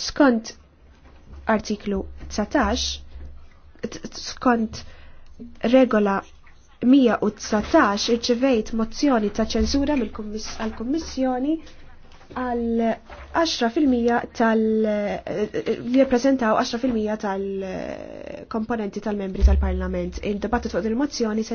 skont artiklu 19, skont regola 119 irċivejt mozzjoni ta' ċenzura għal-Kommissjoni għal 10% tal li 10% tal-komponenti tal-membri tal-Parlament. Il-dibattit fuq il-mozzjoni